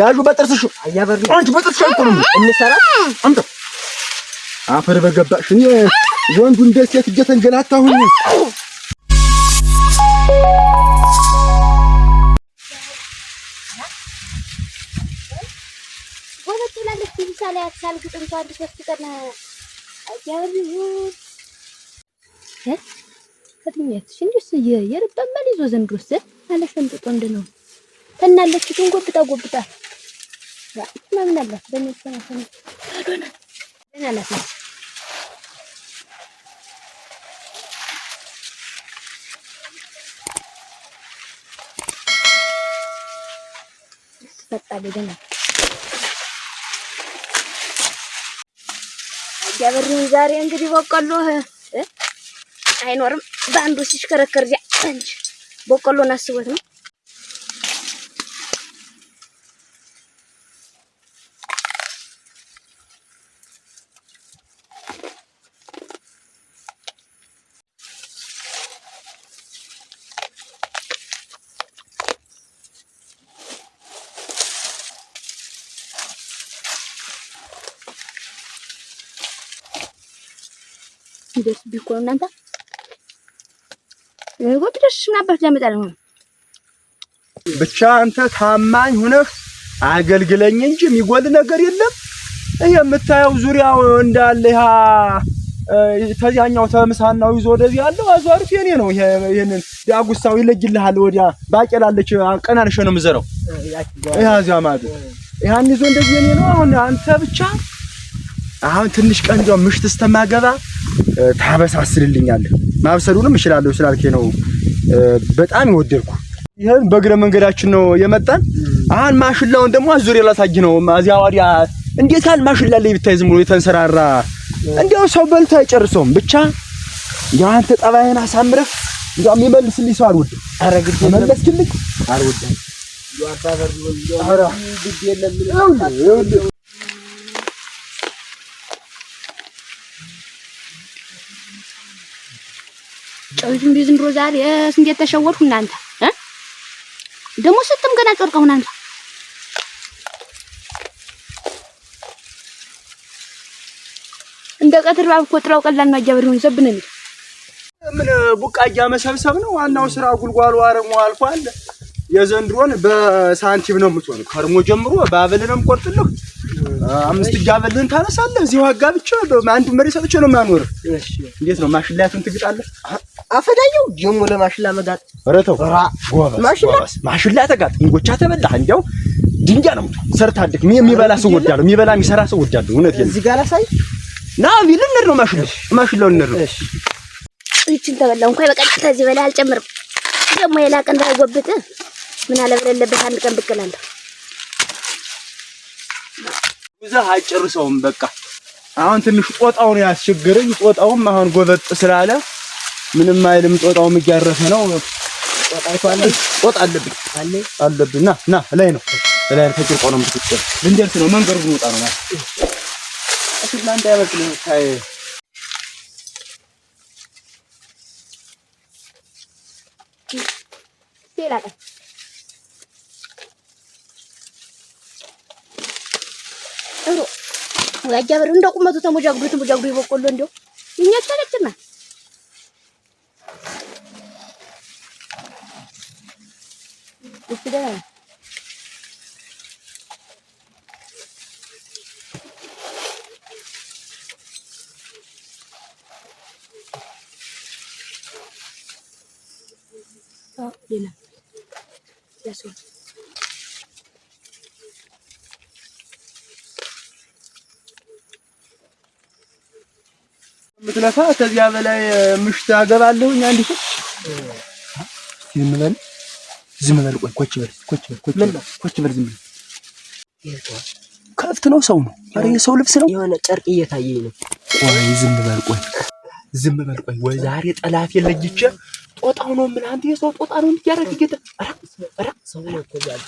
ያዡ በጥርስሽ አያበሪ አንቺ በጥርስሽ ነው እንሰራ አንተ አፈር በገባሽ እኔ ወንዱ እንደ ሴት እየተንገላታሁ የረባ ማን ይዞ ዘንድሮስ እንደ ነው ተናለች። ግን ጎብጣ ጎብጣ ምናምን አላት። ዛሬ እንግዲህ በቆሎ አይኖርም። በአንዱ ሲሽከረከር በቆሎን አስቦት ነው። ሲደርስብኝ እኮ ነው እናንተ። ይሄ ትደርሽ ምናባሽ ላመጣልህ ሆነ። ብቻ አንተ ታማኝ ሁነህ አገልግለኝ እንጂ የሚጎል ነገር የለም። የምታየው ዙሪያው እንዳለ ያ ተዚያኛው ተምሳናው ይዞ ወደዚህ ያለው አዟሪፍ የኔ ነው። ይሄንን ዳጉሳው ይለጅልሃል። ወዲያ ባቄላለች ቀናንሽ ነው የምዘረው። ያ ዚያ ማለት ያን ይዞ እንደዚህ የኔ ነው። አሁን አንተ ብቻ አሁን ትንሽ ቀንጆ ምሽት እስተማገባ ታበሳስልልኛለህ። ማብሰሉንም እችላለሁ ስላልከኝ ነው በጣም የወደድኩ። ይህን በእግረ መንገዳችን ነው የመጣን። አሁን ማሽላውን ደግሞ አዙር የላሳጅ ነው እዚያ ወዲያ እንዴት ያህል ማሽላ ላይ ብታይ ዝም ብሎ የተንሰራራ እንዲያው ሰው በልቶ አይጨርሰውም። ብቻ የአንተ ጠባይን አሳምረህ እንዲያውም ይመልስልኝ ሰው አልወድም። ኧረ ግድ መለስክልኝ አልወድም። ጨው ዝም ብሎ ዝም ብሎ ዛሬ እንዴት ተሸወድኩ እናንተ እ ደግሞ ስትም ገና ጨርቀው እናንተ እንደ ቀትር ባብ እኮ ጥራው ቀላል ነው። አጃብር ሆነ ዘብነ ምን ቡቃያ መሰብሰብ ነው ዋናው ስራ። ጉልጓሉ አረሙ አልፏል። የዘንድሮን በሳንቲም ነው የምትሆን። ከርሞ ጀምሮ ባበልንም ቆርጥልህ አምስት እጃበልህን ታነሳለህ። እዚሁ አጋብቼ አንድ መሬት ሰጥቼ ነው የማኖርህ። እንዴት ነው ማሽላያቱን ትግጣለህ? አፈዳየው ደግሞ ለማሽላ መጋጥ ረተው ራ ማሽላ ማሽላ ተጋጥ እንጎቻ ተበላህ። እንዲያው ድንጃ ነው ሰርታ አድክ የሚበላ ሰው ወዳለሁ፣ የሚበላ የሚሰራ ሰው ወዳለሁ። እውነት ነው። እዚህ ጋር ላሳይ ና ልንሄድ ነው። ማሽላ ማሽላው ልንሄድ ነው። እቺን ተበላው እንኳን በቃ ከዚህ በላይ አልጨምርም። ደግሞ የላቀ እንዳይጎብጥ ምን አለ በሌለበት አንድ ቀን ብቅ እላለሁ። እዛ አጨርሰውም በቃ አሁን ትንሽ ጦጣውን ያስቸግረኝ። ጦጣውም አሁን ጎበጥ ስላለ ምንም አይልም። ጦጣውም እያረፈ ነው። ጦጣ አለብኝ አለብኝ። ና ና ላይ ነው ላይ ነው ነው ልንደርስ ነው መንገዱ ነው ማለት ታይ ቁመቱ ተሞጃግዶ ተሞጃግዶ ይበቆሎ እንደው እኛ ተለችና উঠতে দেবেন ሌላ ያስወል ከዚያ በላይ eh, ምሽት አገባለሁ አንድ ሰው ሲምለን ዝም በል ቆይ፣ ኮች በል ኮች በል ኮች በል ኮች በል ዝም በል። ከብት ነው ሰው ነው? ኧረ የሰው ልብስ ነው። የሆነ ጨርቅ እየታየኝ ነው። ቆይ ዝም በል ቆይ፣ ዝም በል ቆይ። ወይ ዛሬ ጠላፊ ለይቼ ጦጣው ነው ምን? አንተ የሰው ጦጣ ነው እንዲያረግ ጌታ። ኧረ ኧረ ሰው ነው እኮ ያለ።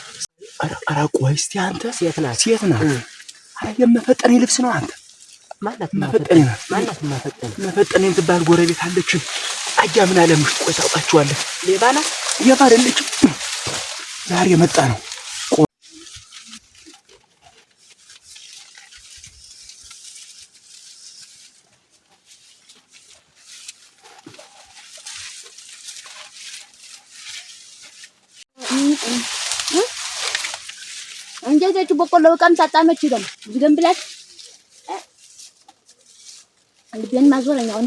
ኧረ ኧረ ቆይ እስቲ አንተ ሴት ናት፣ ሴት ናት። ኧረ የመፈጠኔ ልብስ ነው አንተ። ማናት መፈጠኔ ማናት መፈጠኔ መፈጠኔ ትባል ጎረቤት አለችን ታዲያ ምን አለ ምሽት ቆይ ታውቃችኋለህ? ሌባ ናት። ሌባ አይደለችም። ዛሬ የመጣ ነው። እንጀዘች በቆሎ በቃም ሳጣመች ይደም ዝገም ብላች ማዞረኛ ማዞረኛውን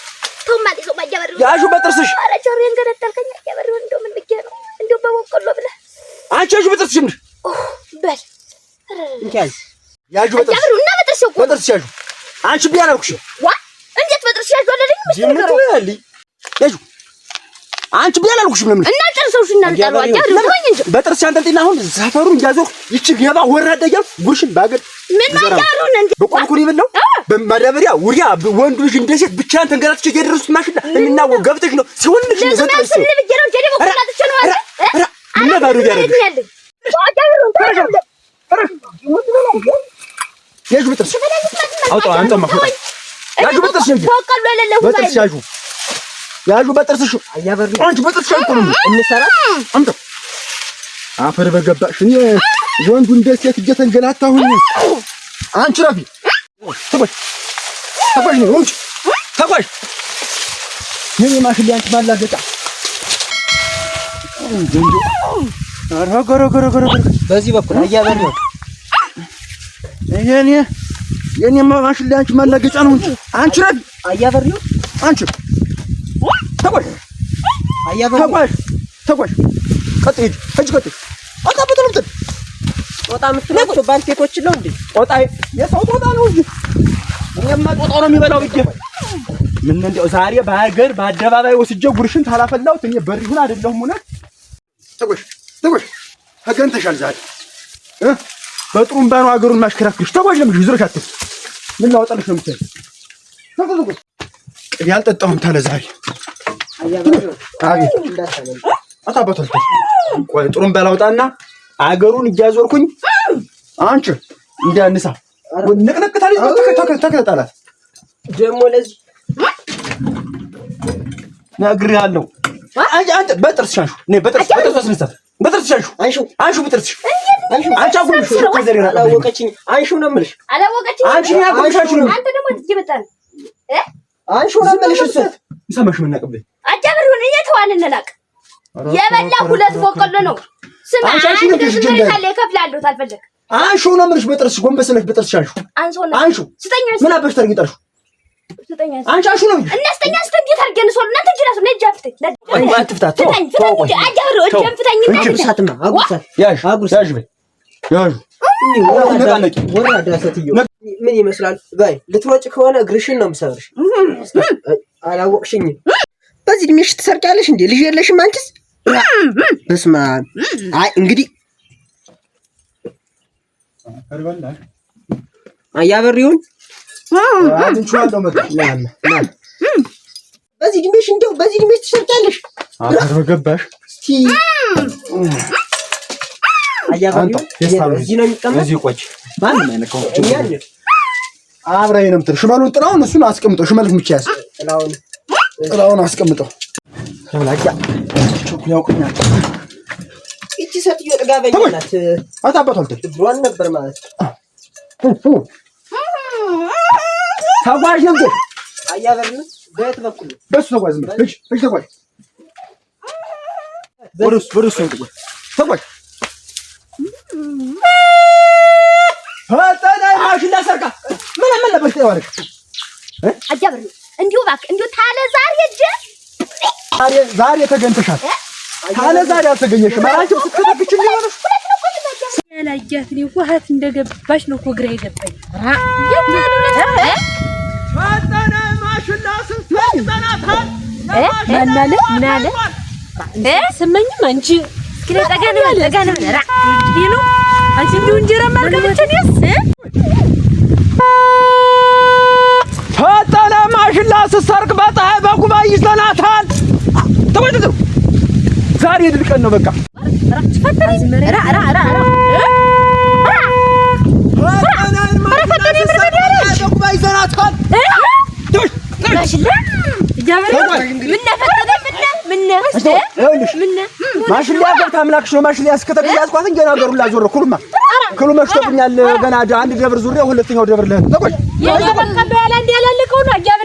ያሹ በጥርስሽ አንቺ ያሹ በጥርስሽ እንድ በል እንካይ ያሹ በጥርስሽ እና በጥርስሽ እኮ በጥርስሽ ያሹ አንቺ ቢያላልኩሽ ዋ እንዴት በጥርስሽ ያሹ አለልኝ ምን ትላለኝ ያሹ አንቺ ብዬሽ አላልኩሽም? ለምን እና ጥርሰውሽ በጥርስ አንጠልጥና አሁን ሰፈሩን እያዞርኩ ይቺ ገባ ወራዳ እያልኩ ጉርሽን ባገር ምን ማዳሩን እንዴ በቆልኩ ነው በማዳበሪያ ውሪያ ወንዱ ልጅ እንደ ሴት ብቻህን ተንገላትሽ እየደረሱት ማሽላ እና ገብተሽ ነው ሲሆን ልጅ ነው ዘጠኝ ሰው ምን ባዶ ያደርግ ያጁ በጥርስ አውጣ አንተማ ያጁ በጥርስ ያጁ ያሉ በጥርስሽ አንቺ በጥርስሽ አይቆንም እንሰራ አምጣ አፈር በገባሽ እኔ ወንዱ እንደ ሴት እጄ ተንገላታሁኝ። አንቺ ረፊ ተጓዥ ተጓዥ ነው እንጂ ተጓዥ ምን ማሽል ያንቺ ማላገጣ በዚህ በኩል አያበሪው የኔ የኔ ማሽል ያንቺ ማላገጫ ነው እንጂ አንቺ ረፊ አያበሪው አንቺ ተጓዥ ተጓዥ ቀጥ ሂጅ ሂጅ ቀጥ ወጣ በጥልምጥል ጦጣ የምትለው ባልቴቶችን ነው እንዴ? ጦጣ የሰው ጦጣ ነው እንጂ እኛማ ጦጣ ነው የሚበላው። እጄ ምን እንደው ዛሬ በሀገር በአደባባይ ወስጄ ጉርሽን ታላፈላሁት እኔ በሪሁን አይደለሁም። እውነት ተጎሽ ተጎሽ ተገንተሻል ዛሬ እ በጥሩምባ ነው ሀገሩን ማሽከራክርሽ። ተጎሽ ለምሽ ዙረሽ አትስ ምን ላወጣልሽ ነው የምትል ቅቤ አልጠጣሁም ታለ ዛሬ ቆይ አገሩን እያዞርኩኝ አንቺ እንዳንሳ ንቅንቅ ተከታተላት። ደግሞ ለዚህ ነግሬሃለሁ። አንተ በጥርስ በጥርስ አንሹ አንቺ አጉልሽ ነው የምልሽ አላወቀችኝ። አንቺ ነው አንተ ደግሞ ነው የምልሽ እሱ ይሰማሽ ምን አቅብኝ እንኳን እንላቅ የበላ ሁለት ቦቆሎ ነው። ስማ አንቺ ደግሞ ካለ ይከፍላሉ። ታልፈለክ አንሹ ነው የምልሽ። በጥርስ ጎንበስ ነሽ። በጥርስ አንሹ አንሹ ነው ምን አባሽ ታርግጣሹ ስጠኛ። ምን ይመስላል? በይ ልትወጪ ከሆነ እግርሽን ነው የምሰብርሽ። አላወቅሽኝም በዚህ እድሜሽ ትሰርቂያለሽ እንዴ? ልጅ የለሽም አንቺስ? በስመ አብ። አይ እንግዲህ አያበሪውን በዚህ እድሜሽ እንደው በዚህ እድሜሽ ትሰርቂያለሽ? ገባሽ? ነው የሚቀመጥ። ነው የምትለው። ሽመሉን ጥላውን እሱን አስቀምጠው። ሽመሉን ብቻ ያስ ጥላውን አስቀምጠው። ተብላቂያ ቸኩል ያውቁኛል። እቺ ሰትዮ አታባቷል ነበር ማለት ተጓዥ ነበር። አያበርን በየት በኩል በሱ ተጓዝ ነው። እሺ፣ ተጓዥ ተጓዥ ምን እንዲሁ እባክህ እንዲሁ ታለ ዛሬ እጅ ዛሬ ዛሬ ተገኝተሻል። ታለ ዛሬ አልተገኘሽም። አላችሁ ስትከለክች ሊሆነ ያላያት እኔ ውሀት እንደገባች ነው እኮ ግራ የገባኝ። ፈጠነ ማሽላ ስንት ዘናታል ምናለ ምናለ ስመኝም አንቺ እስኪ ጠጋ ነው ጠጋ ነው ራ ይሉ አንቺ እንዲሁ እንጀራ ማርከብችን ጠላ ስትሰርቅ በፀሐይ በጉባኤ ይዘናታል። ተወደዱ ዛሬ የድል ቀን ነው። በቃ ማሽሊያ ገብታ አምላክሽ ነው። ገና ላዞረ ኩሉማ ክሉ መሽቶብኛል። ገና አንድ ደብር ዙሪያ ሁለተኛው ደብር ተቆይ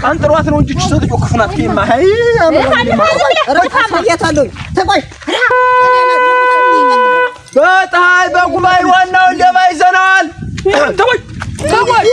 ቀንጥሯት ነው እንጂ ሰጥጮ ክፉናት በፀሐይ በጉባኤ ዋናው እንደባ ይዘናል። ተቆይ